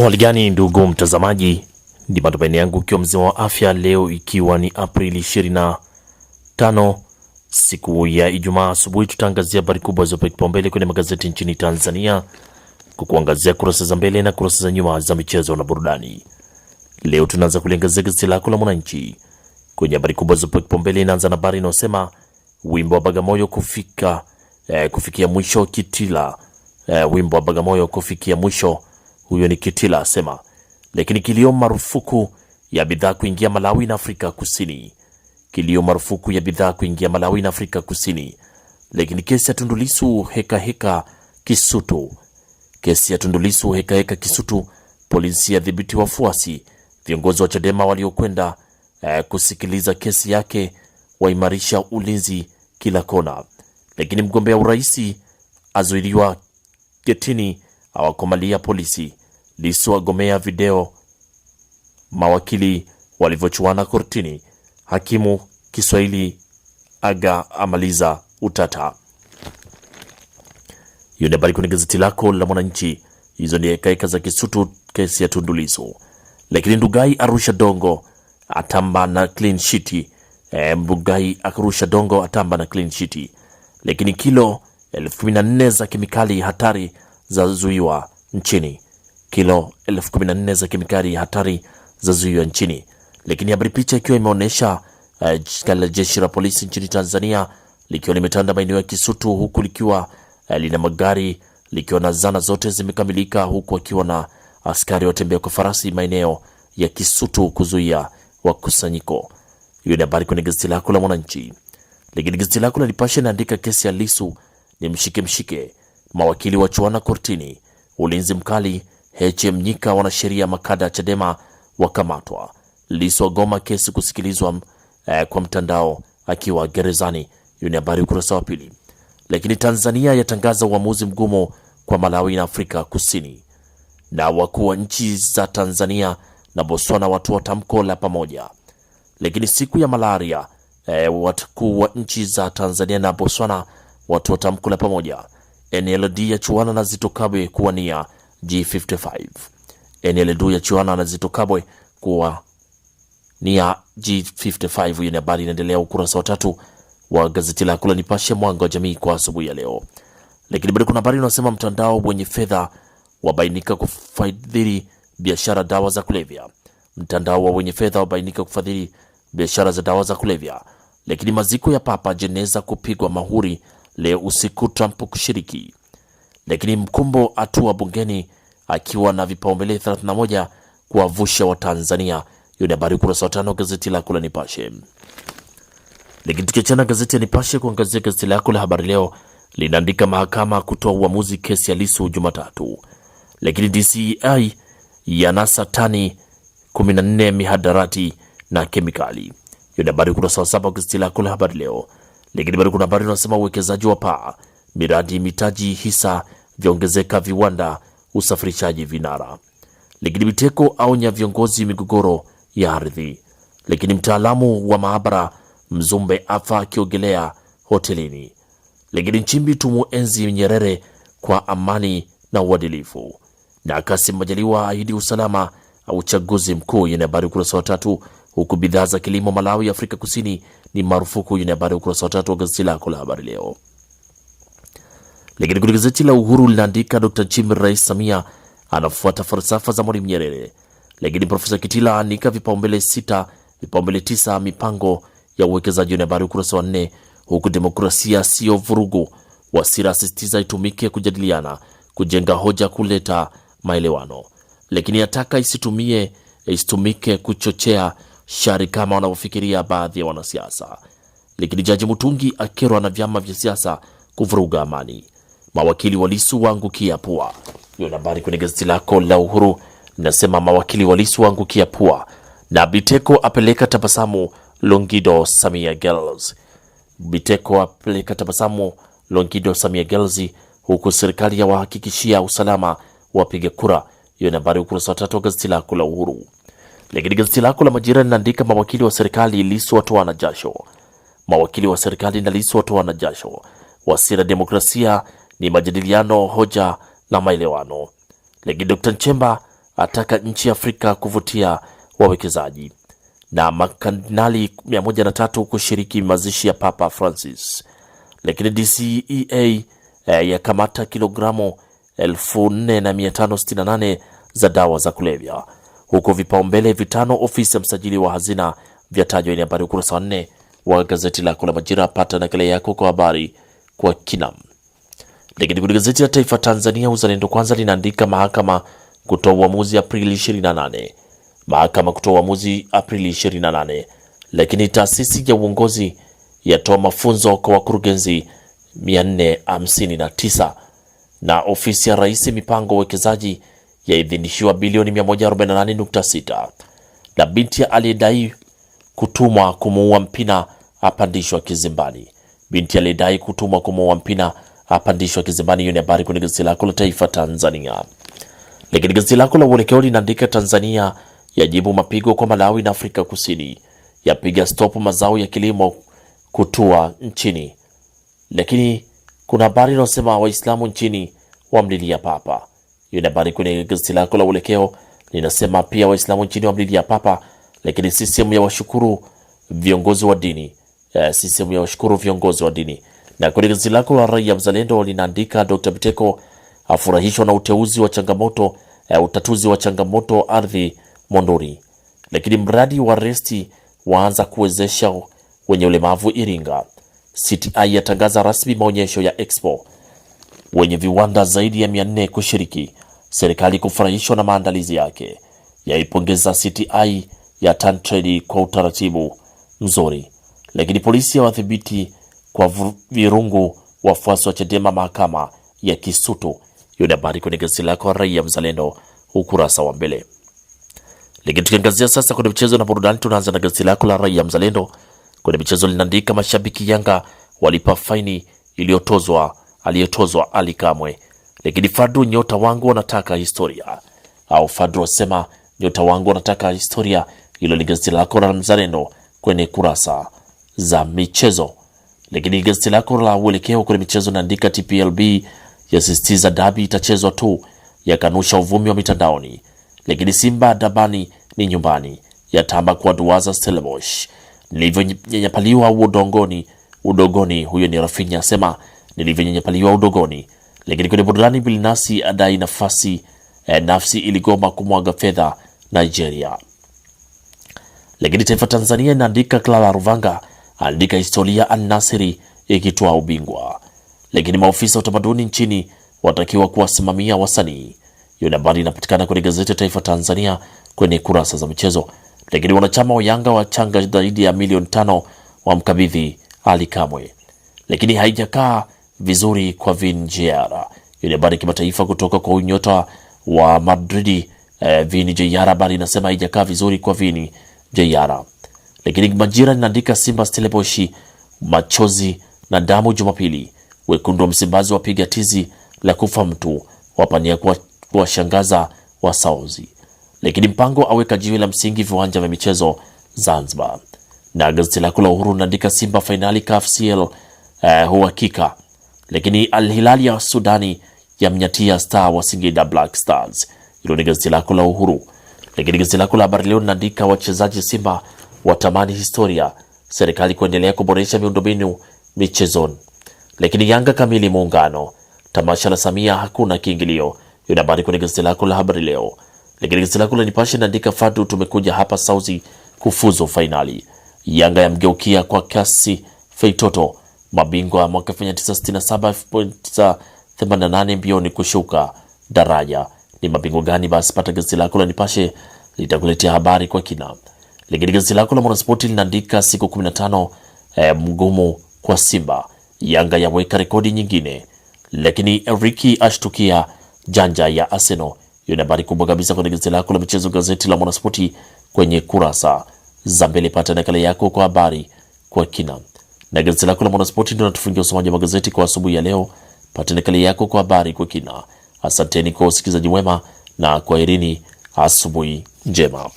Uhaligani ndugu mtazamaji, ni matumaini yangu ukiwa mzima wa afya leo, ikiwa ni Aprili 25 siku ya Ijumaa asubuhi, tutaangazia habari kubwa zilizopewa kipaumbele kwenye magazeti nchini Tanzania, kwa kuangazia kurasa za mbele na kurasa za nyuma za michezo na burudani. Leo tunaanza kuliangazia gazeti lako la Mwananchi kwenye habari kubwa zilizopewa kipaumbele. Inaanza na habari inayosema wimbo wa Bagamoyo kufika eh, kufikia mwisho kitila eh, wimbo wa Bagamoyo kufikia mwisho huyo ni Kitila asema, lakini kilio marufuku ya bidhaa kuingia Malawi na Afrika Kusini. Kilio marufuku ya bidhaa kuingia Malawi na Afrika Kusini. Lakini kesi ya Tundulisu heka heka Kisutu. Kesi ya Tundulisu heka heka Kisutu, polisi yadhibiti wafuasi. Viongozi wa Chadema waliokwenda eh, kusikiliza kesi yake waimarisha ulinzi kila kona. Lakini mgombea urahisi azuiliwa getini awakomalia polisi. Lissu agomea video, mawakili walivyochuana kortini, hakimu Kiswahili aga amaliza utata. Hiyo ni habari kwenye gazeti lako la Mwananchi. Hizo ni hekaeka za Kisutu, kesi ya Tundu Lissu. Lakini Ndugai arusha dongo atamba na clean sheet. E, eh, Mbugai akarusha dongo atamba na clean sheet. Lakini kilo elfu kumi na nne za kemikali hatari zazuiwa nchini kilo 14 za kemikali hatari za zuiwa nchini. Lakini habari picha ikiwa imeonyesha uh, eh, la jeshi la polisi nchini Tanzania likiwa limetanda maeneo ya Kisutu, huku likiwa uh, lina magari likiwa na zana zote zimekamilika, huku akiwa na askari watembea kwa farasi maeneo ya Kisutu kuzuia wakusanyiko. Hiyo ni habari kwenye gazeti lako la Mwananchi. Lakini gazeti lako la Nipashe inaandika kesi ya Lisu ni mshike mshike, mawakili wachuana kortini, ulinzi mkali HM Mnyika, wanasheria makada ya Chadema wakamatwa. Lissu agoma kesi kusikilizwa eh, kwa mtandao akiwa gerezani. Hiyo ni habari ukurasa wa pili. Lakini Tanzania yatangaza uamuzi mgumu kwa Malawi na Afrika Kusini, na wakuu wa nchi za Tanzania na Botswana watoa tamko la pamoja. Lakini siku ya malaria eh, wakuu wa nchi za Tanzania na Botswana watoa tamko la pamoja. NLD yachuana na Zitto Kabwe kuwania G55. NLD yachuana na Zitto Kabwe kuwa ni ya G55. Hiyo ni habari inaendelea ukurasa wa tatu wa gazeti la kula Nipashe mwanga wa jamii kwa asubuhi ya leo. Lakini bado kuna habari inasema mtandao wenye fedha wabainika kufadhili biashara dawa za kulevya. Mtandao wa wenye fedha wabainika kufadhili biashara za dawa za kulevya. Lakini maziko ya Papa jeneza kupigwa mahuri leo usiku, Trump kushiriki. Lakini Mkumbo atua bungeni akiwa na vipaumbele 31 kuwavusha Watanzania. Hiyo ni habari ukurasa wa tano gazeti lako la Nipashe. Lakini tukiachana gazeti ya Nipashe kuangazia gazeti lako la Habari Leo linaandika mahakama kutoa uamuzi kesi ya Lisu Jumatatu. Lakini DCI yanasa tani 14 mihadarati na kemikali. Hiyo ni habari ukurasa wa saba gazeti lako la Habari Leo. Lakini bado kuna habari inasema uwekezaji wa paa miradi mitaji hisa vyaongezeka viwanda usafirishaji vinara. Lakini Biteko aonya viongozi migogoro ya ardhi. Lakini mtaalamu wa maabara Mzumbe afa akiogelea hotelini. Lakini Nchimbi tumuenzi Nyerere kwa amani na uadilifu. Na Kassim Majaliwa ahidi usalama uchaguzi mkuu. Yenye yaani habari ukurasa wa tatu. Huku bidhaa za kilimo Malawi, Afrika Kusini ni marufuku. Yenye yaani habari ukurasa wa tatu wa gazeti lako la habari leo. Lakini kwenye gazeti la Uhuru linaandika Dr. Jim Rais Samia anafuata falsafa za Mwalimu Nyerere. Lakini Profesa Kitila aandika vipaumbele sita, vipaumbele tisa mipango ya uwekezaji na habari ukurasa wa nne, huku demokrasia sio vurugu. Wasira asisitiza itumike kujadiliana, kujenga hoja, kuleta maelewano. Lakini ataka isitumie isitumike kuchochea shari kama wanavyofikiria baadhi ya wanasiasa. Lakini Jaji Mutungi akerwa na vyama vya siasa kuvuruga amani mawakili wa Lissu waangukia pua. Hiyo habari kwenye gazeti lako la Uhuru linasema mawakili wa Lissu waangukia pua, na Biteko apeleka tabasamu Longido Samia Girls. Biteko apeleka tabasamu Longido Samia Girls, huku serikali ya wahakikishia usalama wapiga kura. Hiyo ni habari ukurasa wa tatu wa gazeti lako la Uhuru. Lakini gazeti lako la Majira linaandika mawakili wa serikali Lissu watoana jasho, mawakili wa serikali na Lissu watoana jasho, wasira demokrasia ni majadiliano, hoja na maelewano. Lakini Dr. Nchemba ataka nchi ya Afrika kuvutia wawekezaji na makardinali 103 kushiriki mazishi ya Papa Francis. Lakini DCEA e, yakamata kilogramu 4568 za dawa za kulevya, huku vipaumbele vitano ofisi ya msajili wa hazina vyatajwa. Ni habari ukurasa wa nne wa gazeti lako la Majira. Pata nakala yako kwa habari kwa kinam lakini kwenye gazeti la Taifa Tanzania, Uzalendo Kwanza linaandika mahakama kutoa uamuzi Aprili 28, mahakama kutoa uamuzi Aprili 28. Lakini taasisi ya uongozi yatoa mafunzo kwa wakurugenzi 459 na ofisi ya rais mipango uwekezaji yaidhinishiwa bilioni 148.6 na binti aliyedai kutumwa kumuua Mpina apandishwa kizimbani. Binti aliyedai kutumwa kumuua Mpina apandishwa kizimbani. Hiyo ni habari kwenye gazeti lako la Taifa Tanzania. Lakini gazeti lako la Uelekeo linaandika Tanzania yajibu mapigo kwa Malawi na Afrika Kusini, yapiga stopu mazao ya kilimo kutua nchini. Lakini kuna habari inayosema Waislamu nchini wamlilia Papa. Hiyo ni habari kwenye gazeti lako la Uelekeo linasema pia Waislamu nchini wamlilia Papa. Lakini CCM ya washukuru viongozi wa dini, CCM eh, ya washukuru viongozi wa dini na kwenye gazeti lako la Raia Mzalendo linaandika Dr. Biteko afurahishwa na uteuzi wa changamoto uh, utatuzi wa changamoto ardhi monduri lakini mradi wa resti waanza kuwezesha wenye ulemavu Iringa. CTI yatangaza rasmi maonyesho ya Expo, wenye viwanda zaidi ya 400 kushiriki. Serikali kufurahishwa na maandalizi yake, yaipongeza CTI ya Tantredi kwa utaratibu mzuri. Lakini polisi ya wadhibiti kwa virungu wafuasi wa Chadema mahakama ya Kisutu. Hiyo ni habari kwenye gazeti lako Raia Mzalendo ukurasa wa mbele. Lakini tukiangazia sasa kwenye michezo na burudani, tunaanza na gazeti lako la Raia Mzalendo. Kwenye michezo linaandika mashabiki Yanga walipa faini iliyotozwa aliyotozwa Ali Kamwe. Lakini Fadru, nyota wangu wanataka historia au Fadru asema nyota wangu wanataka historia. Hilo ni gazeti lako la Mzalendo kwenye kurasa za michezo. Lakini gazeti lako la uelekeo kwenye michezo naandika TPLB yasisitiza dabi itachezwa tu, yakanusha uvumi wa mitandaoni. Lakini Simba dabani ni nyumbani, yatamba kwa duaza Stellenbosch. Nilivyonyanyapaliwa udongoni udogoni, huyo ni Rafinha asema nilivyonyanyapaliwa udogoni. Lakini kwenye burudani, Bilinasi adai nafasi eh, nafsi iligoma kumwaga fedha Nigeria. Lakini Taifa Tanzania inaandika Clara Ruvanga andika historia Al-Nasiri ubingwa, lakini maofisa wa utamaduni nchini watakiwa kuwasimamia wasanii. Hiyo habari inapatikana kwenye gazeti ya Taifa Tanzania kwenye kurasa za michezo. Lakini wanachama wa Yanga wachanga zaidi ya milioni tano mkabidhi Ali Kamwe, lakini haijakaa vizuri kwa Vinjr. Hiyo habari kimataifa kutoka kwa unyota wa Madridi eh, Vini Habari inasema haijakaa vizuri kwa Vini lakini Majira linaandika Simba Steleboshi machozi na damu Jumapili, wekundu wa Msimbazi wapiga tizi la kufa mtu wapania kuwashangaza wasauzi. Lakini Mpango aweka jiwe la msingi viwanja vya michezo Zanzibar, na gazeti lako la Uhuru linaandika Simba fainali KCL eh, huhakika. Lakini Al Hilali ya Sudani ya mnyatia star wa Singida Black Stars. Hilo ni gazeti lako la Uhuru. Lakini gazeti lako la Habari Leo linaandika wachezaji Simba watamani historia, serikali kuendelea kuboresha miundombinu michezoni. Lakini Yanga kamili muungano, tamasha la Samia hakuna kiingilio. Hiyo ni habari kwenye gazeti lako la habari leo. Lakini gazeti lako la Nipashe naandika Fadu, tumekuja hapa Sauzi kufuzu fainali. Yanga yamgeukia kwa kasi Feitoto, mabingwa mwaka 1967 1988 mbioni kushuka daraja. Ni mabingwa gani? Basi pata gazeti lako la Nipashe litakuletea habari kwa kina. Lakini gazeti lako la Mwanaspoti linaandika siku 15 e, eh, mgumu kwa Simba, Yanga yaweka rekodi nyingine, lakini Ricky ashtukia janja ya Arsenal. Hiyo ni habari kubwa kabisa kwenye gazeti lako la michezo, gazeti la Mwanaspoti kwenye kurasa za mbele. Pata nakala yako kwa habari kwa kina, na gazeti lako la Mwanaspoti ndio natufungia usomaji wa magazeti kwa asubuhi ya leo. Pata nakala yako kwa habari kwa kina. Asanteni kwa usikilizaji mwema na kwaherini, asubuhi njema.